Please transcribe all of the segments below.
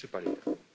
municipalità.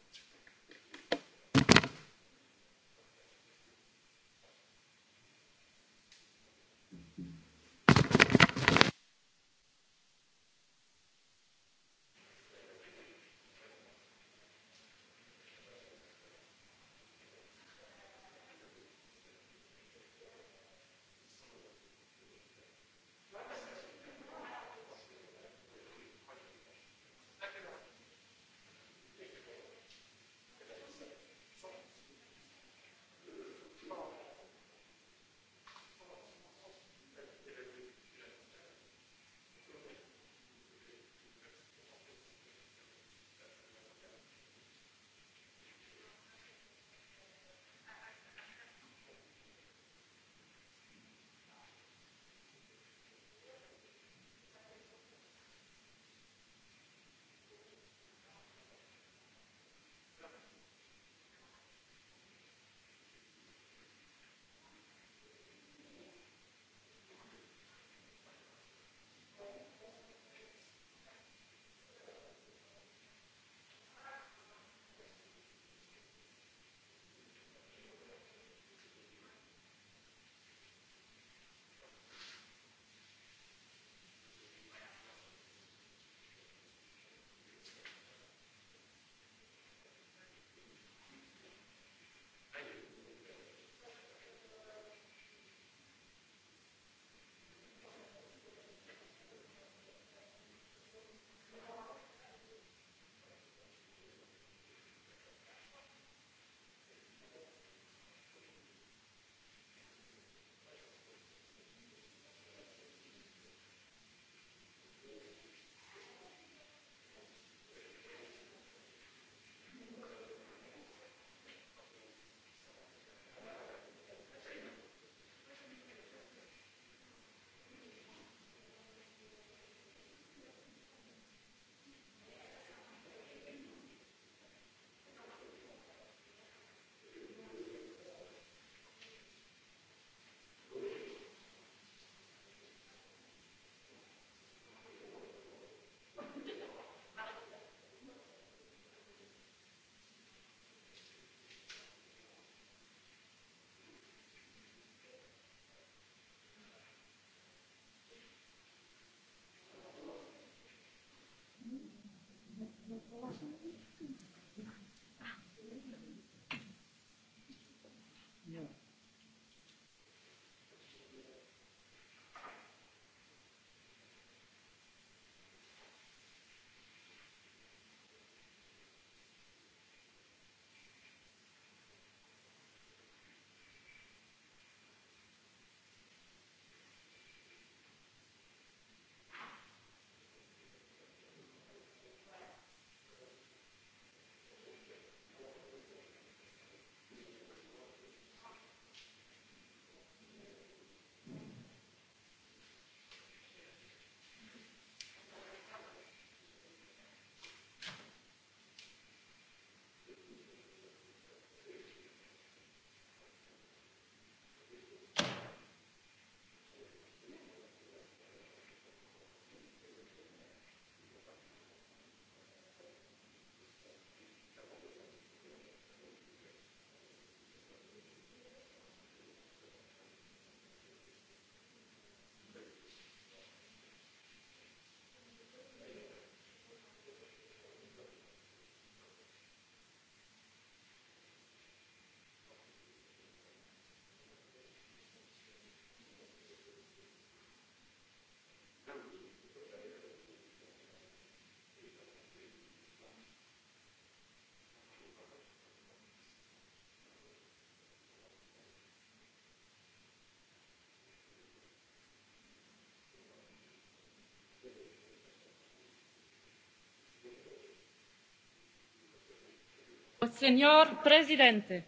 Signor Presidente.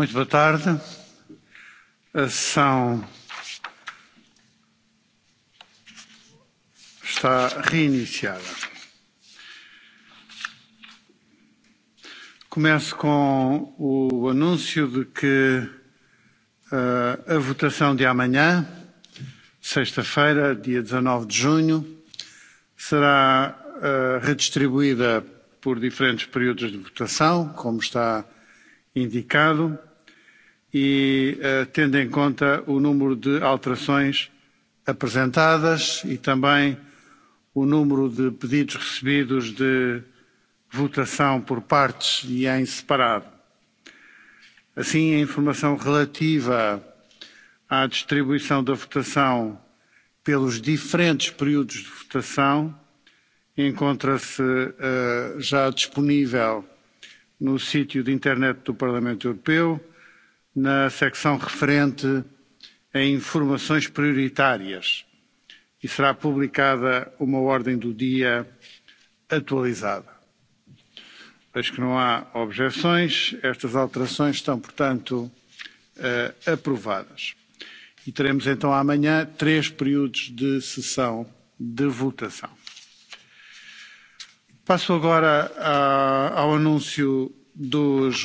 Muito boa tarde. São. Está reiniciada. Começo com o anúncio de que uh, a votação de amanhã, sexta-feira, dia 19 de junho, será uh, redistribuída por diferentes períodos de votação, como está indicado e uh, tendo em conta o número de alterações apresentadas e também o número de pedidos recebidos de votação por partes e em separado. Assim, a informação relativa à distribuição da votação pelos diferentes períodos de votação encontra-se uh, já disponível no sítio de internet do Parlamento Europeu na secção referente a informações prioritárias e será publicada uma ordem do dia atualizada. Vejo que não há objeções. Estas alterações estão, portanto, uh, aprovadas. E teremos então amanhã três períodos de sessão de votação. Passo agora a, ao anúncio dos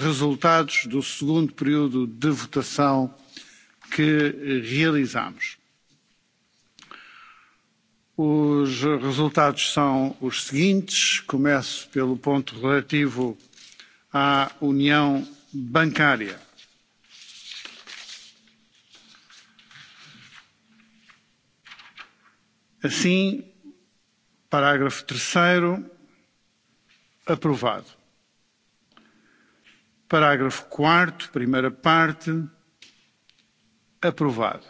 resultados do segundo período de votação que realizamos. Os resultados são os seguintes. Começo pelo ponto relativo à União Bancária. Assim, parágrafo terceiro, aprovado. Parágrafo 4, primeira parte. Aprovado.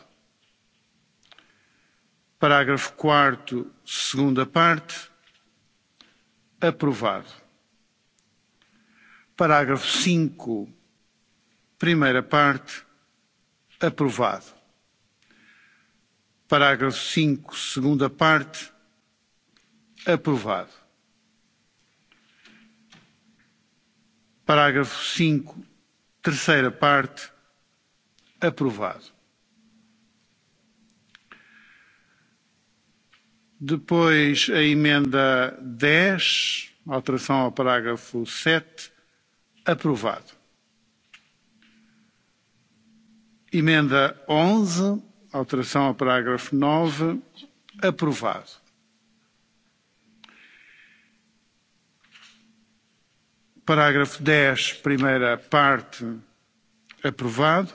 Parágrafo 4, segunda parte. Aprovado. Parágrafo 5, primeira parte. Aprovado. Parágrafo 5, segunda parte. Aprovado Parágrafo 5, terceira parte, aprovado. Depois a emenda 10, alteração ao parágrafo 7, aprovado. Emenda 11, alteração ao parágrafo 9, aprovado Parágrafo 10, primeira parte, aprovado.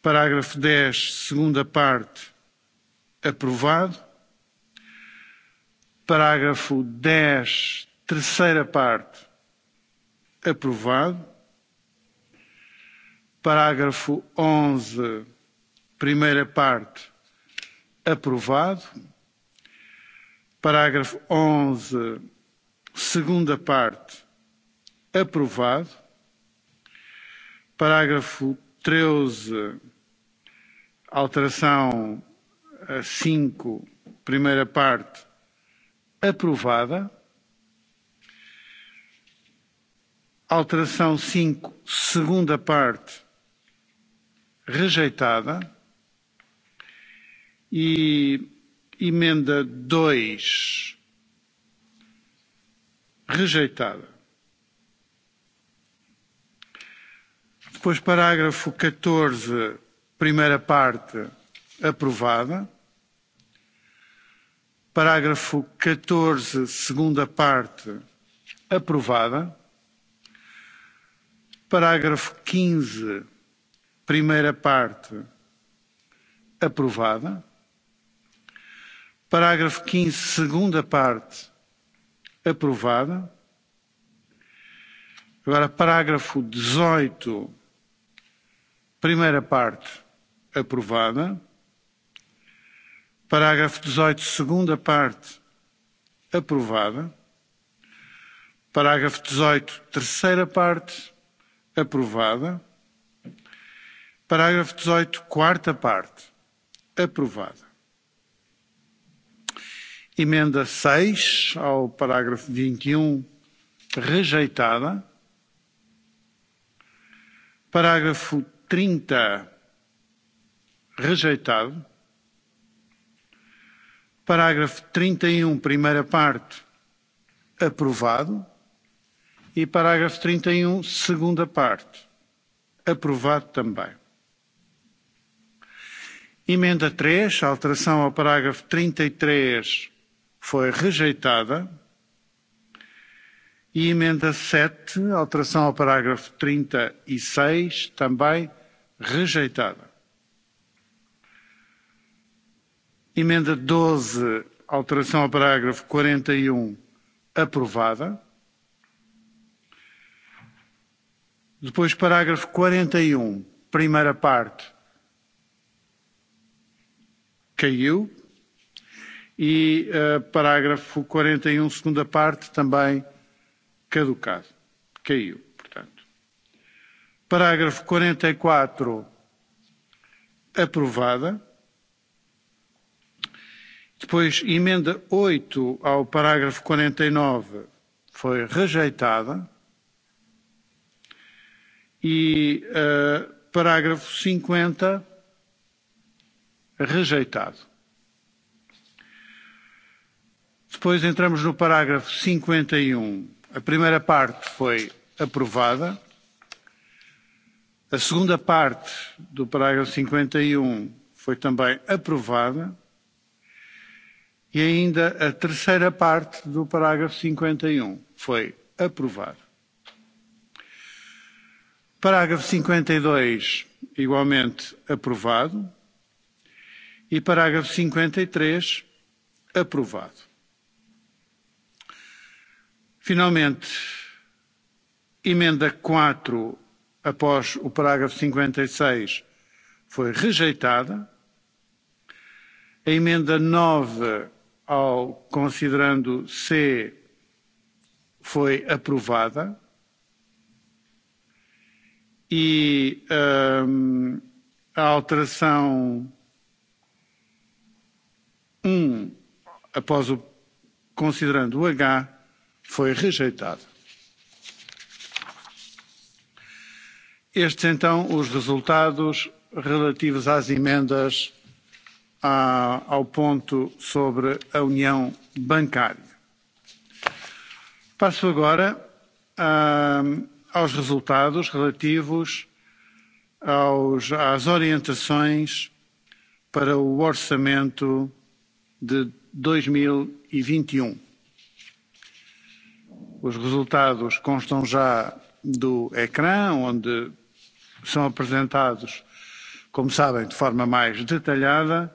Parágrafo 10, segunda parte, aprovado. Parágrafo 10, terceira parte, aprovado. Parágrafo 11, primeira parte, aprovado. Parágrafo 11, segunda parte, Aprovado. Parágrafo 13, alteração 5, eh, primeira parte, aprovada. Alteração 5, segunda parte, rejeitada. E emenda 2, rejeitada. Depois, parágrafo 14, primeira parte, aprovada. Parágrafo 14, segunda parte, aprovada. Parágrafo 15, primeira parte, aprovada. Parágrafo 15, segunda parte, aprovada. Agora, parágrafo 18, Primeira parte, aprovada. Parágrafo 18, segunda parte, aprovada. Parágrafo 18, terceira parte, aprovada. Parágrafo 18, quarta parte, aprovada. Emenda 6 ao parágrafo 21, e um, rejeitada. Parágrafo 30 rejeitado. Parágrafo 31, e um, primeira parte, aprovado. E parágrafo 31, e um, segunda parte, aprovado também. Emenda 3, alteração ao parágrafo 33, e foi rejeitada. E emenda 7, alteração ao parágrafo 36, também rejeitada. Emenda 12, alteração ao parágrafo 41, e um, aprovada. Depois, parágrafo 41, e um, primeira parte, caiu. E uh, parágrafo 41, e um, segunda parte, também caducado, caiu. Parágrafo 44. E aprovada. Depois, emenda 8 ao parágrafo 49 e foi rejeitada. E uh, parágrafo 50 rejeitado. Depois entramos no parágrafo 51. E um. A primeira parte foi aprovada. A segunda parte do parágrafo 51 e um foi também aprovada e ainda a terceira parte do parágrafo 51 e um foi aprovada. Parágrafo 52, e igualmente aprovado. E parágrafo 53, aprovado. Finalmente, emenda 4 após o parágrafo 56 e foi rejeitada. A emenda 9 ao considerando C foi aprovada e um, a alteração 1 um, após o considerando o H foi rejeitada. Estes então os resultados relativos às emendas à, ao ponto sobre a União Bancária. Passo agora a, aos resultados relativos aos, às orientações para o orçamento de 2021. E e um. Os resultados constam já do ecrã, onde são apresentados, como sabem, de forma mais detalhada.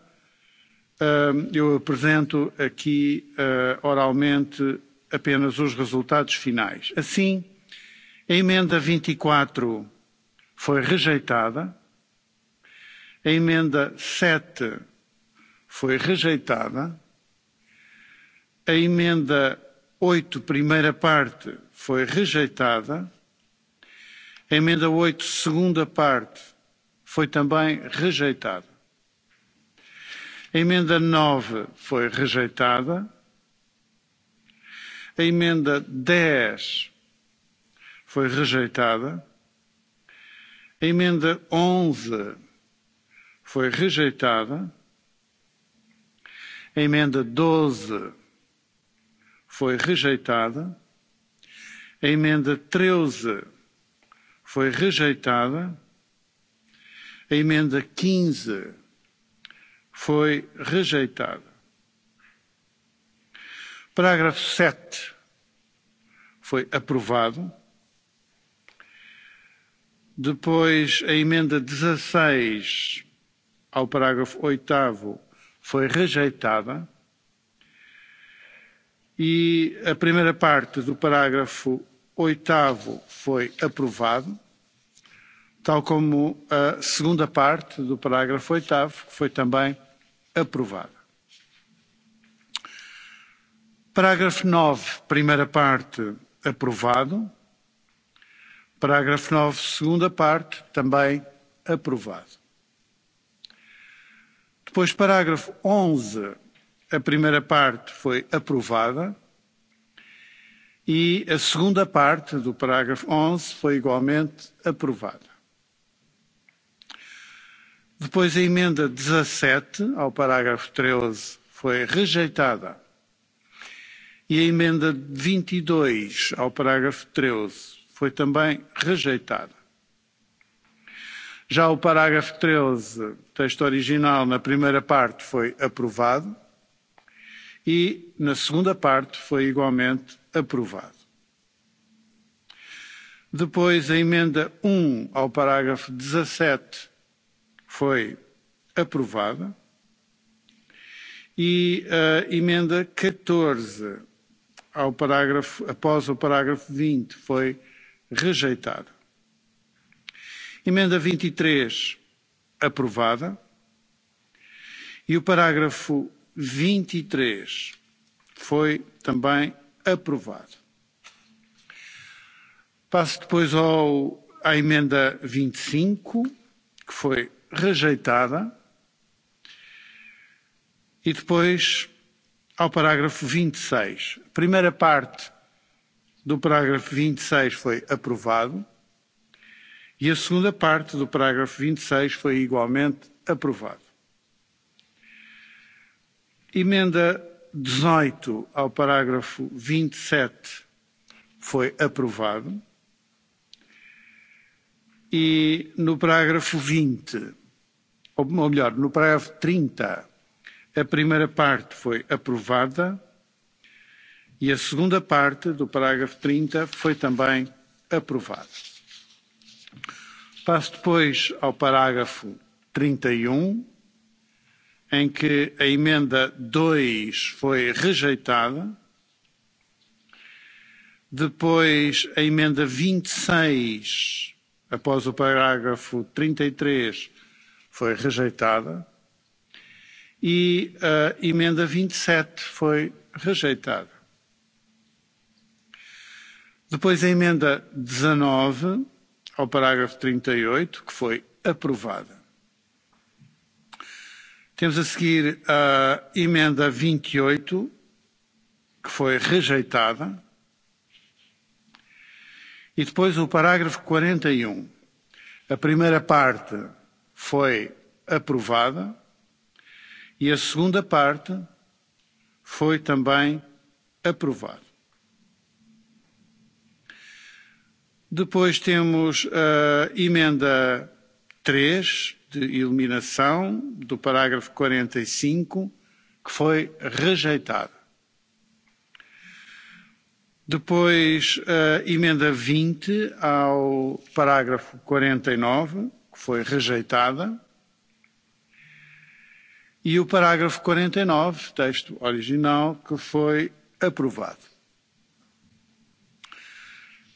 Eu apresento aqui ah, oralmente apenas os resultados finais. Assim, a emenda 24 e foi rejeitada, a emenda 7 foi rejeitada, a emenda 8, primeira parte, foi rejeitada, A emenda oito, segunda parte, foi também rejeitada. emenda 9 foi rejeitada. A emenda 10 foi rejeitada. A emenda 11 foi rejeitada. A emenda 12, foi rejeitada. A emenda 13 foi rejeitada. A emenda 15 foi rejeitada. Parágrafo 7 foi aprovado. Depois, a emenda 16 ao parágrafo 8 foi rejeitada. E a primeira parte do parágrafo 8 foi aprovado tal como a segunda parte do parágrafo oitavo, que foi também aprovada. Parágrafo nove, primeira parte, aprovado. Parágrafo nove, segunda parte, também aprovado. Depois, parágrafo onze, a primeira parte foi aprovada e a segunda parte do parágrafo onze foi igualmente aprovada. Depois, a emenda 17 ao parágrafo 13 foi rejeitada. E a emenda 22 e ao parágrafo 13 foi também rejeitada. Já o parágrafo 13, texto original, na primeira parte foi aprovado e na segunda parte foi igualmente aprovado. Depois, a emenda 1 um, ao parágrafo 17 foi aprovada e a emenda 14 ao parágrafo, após o parágrafo 20 foi rejeitada. Emenda 23 e aprovada e o parágrafo 23 e foi também aprovado. Passo depois ao, à emenda 25, e que foi rejeitada. E depois ao parágrafo 26. E a primeira parte do parágrafo 26 e foi aprovado e a segunda parte do parágrafo 26 e foi igualmente aprovado. Emenda 18 ao parágrafo 27 foi aprovado e no parágrafo 20 ou melhor, no parágrafo 30, a primeira parte foi aprovada e a segunda parte do parágrafo 30 foi também aprovada. Passo depois ao parágrafo 31, e um, em que a emenda 2 foi rejeitada. Depois, a emenda 26, e após o parágrafo 33, foi rejeitada e a emenda 27 e foi rejeitada. Depois a emenda 19 ao parágrafo 38, e que foi aprovada. Temos a seguir a emenda 28, e que foi rejeitada. E depois o parágrafo 41. Um. A primeira parte foi aprovada e a segunda parte foi também aprovada. Depois temos a emenda 3 de iluminação do parágrafo 45 e que foi rejeitada. Depois a emenda 20 ao parágrafo 49 que foi rejeitada. E o parágrafo 49, e texto original, que foi aprovado.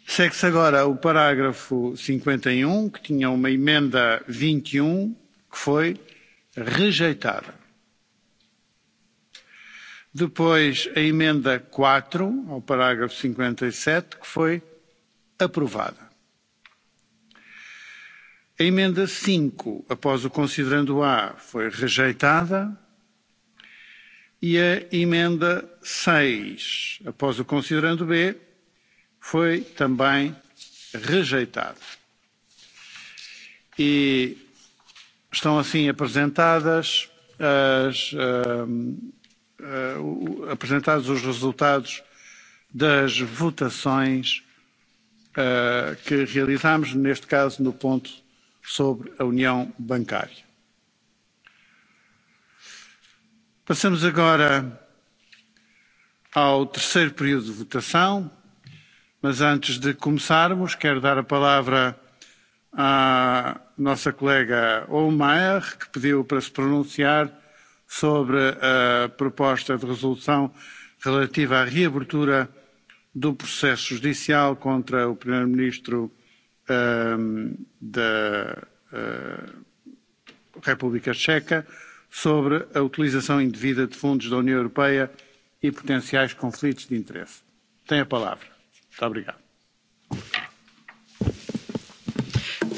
Segue-se agora o parágrafo 51, e um, que tinha uma emenda 21, e um, que foi rejeitada. Depois, a emenda 4 ao parágrafo 57, que foi aprovada. A emenda cinco, após o considerando A, foi rejeitada. E a emenda seis, após o considerando B, foi também rejeitada. E estão assim apresentadas as, um, uh, uh, apresentados os resultados das votações uh, que realizámos, neste caso no ponto sobre a União Bancária. Passamos agora ao terceiro período de votação, mas antes de começarmos, quero dar a palavra à nossa colega Olmeier, que pediu para se pronunciar sobre a proposta de resolução relativa à reabertura do processo judicial contra o Primeiro-Ministro um, ehm, da uh, eh, República Checa sobre a utilização indevida de fundos da União Europeia e potenciais conflitos de interesse. Tem a palavra. Muito obrigado.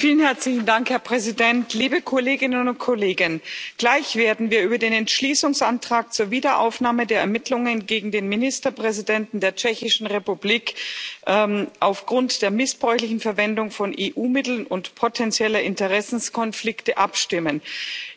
herr präsident liebe kolleginnen und kollegen! gleich werden wir über den entschließungsantrag zur wiederaufnahme der ermittlungen gegen den ministerpräsidenten der tschechischen republik ähm, aufgrund der missbräuchlichen verwendung von eu mitteln und potenzieller interessenkonflikte abstimmen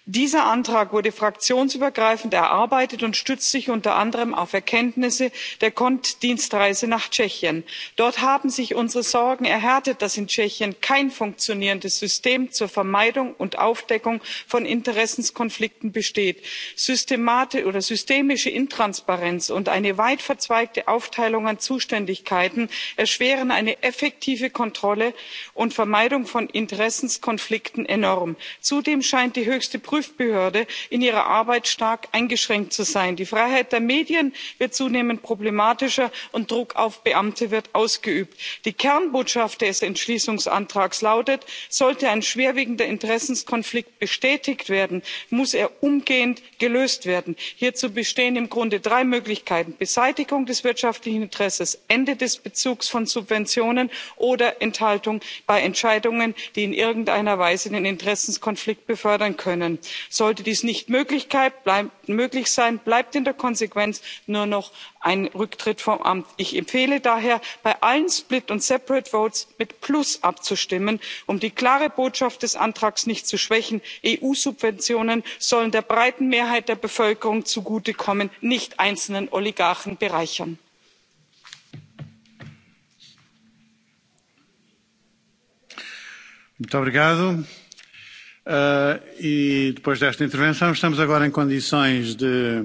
dieser antrag wurde fraktionsübergreifend erarbeitet und stützt sich unter anderem auf erkenntnisse der cont dienstreise nach tschechien. dort haben sich unsere sorgen erhärtet dass in tschechien kein funktionierendes system zur vermeidung und aufdeckung von interessenkonflikten besteht. systemische intransparenz und eine weit verzweigte aufteilung an zuständigkeiten erschweren eine effektive kontrolle und vermeidung von interessenkonflikten enorm. zudem scheint die höchste prüfbehörde in ihrer arbeit stark eingeschränkt zu sein. die freiheit der medien wird zunehmend problematischer und druck auf beamte wird ausgeübt. die kernbotschaft des entschließungsantrags lautet sollte ein schwerwiegender interessenkonflikt bestätigt werden muss er umgehend gelöst werden. hierzu bestehen im grunde drei möglichkeiten beseitigung des wirtschaftlichen interesses ende des bezugs von subventionen oder enthaltung bei entscheidungen die in irgendeiner weise den interessenkonflikt befördern können sollte dies nicht möglich sein bleibt in der konsequenz nur noch ein rücktritt vom amt. ich empfehle daher bei allen split und separate votes mit plus abzustimmen um die klare botschaft des antrags nicht zu schwächen eu subventionen sollen der breiten mehrheit der bevölkerung zugute kommen nicht einzelnen oligarchen bereichern. Uh, e depois desta intervenção estamos agora em condições de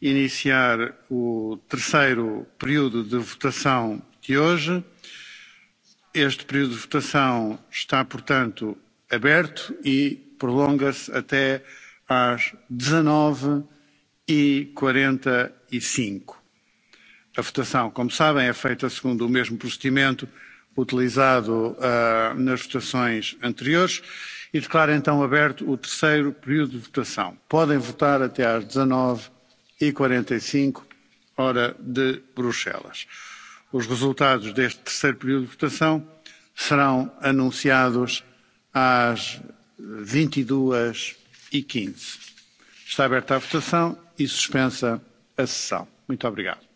iniciar o terceiro período de votação de hoje. Este período de votação está, portanto, aberto e prolonga-se até às 19h45. E e A votação, como sabem, é feita segundo o mesmo procedimento utilizado uh, nas votações anteriores E declaro então aberto o terceiro período de votação. Podem votar até às 19h45, e e hora de Bruxelas. Os resultados deste terceiro período de votação serão anunciados às 22h15. E Está aberta a votação e suspensa a sessão. Muito obrigado.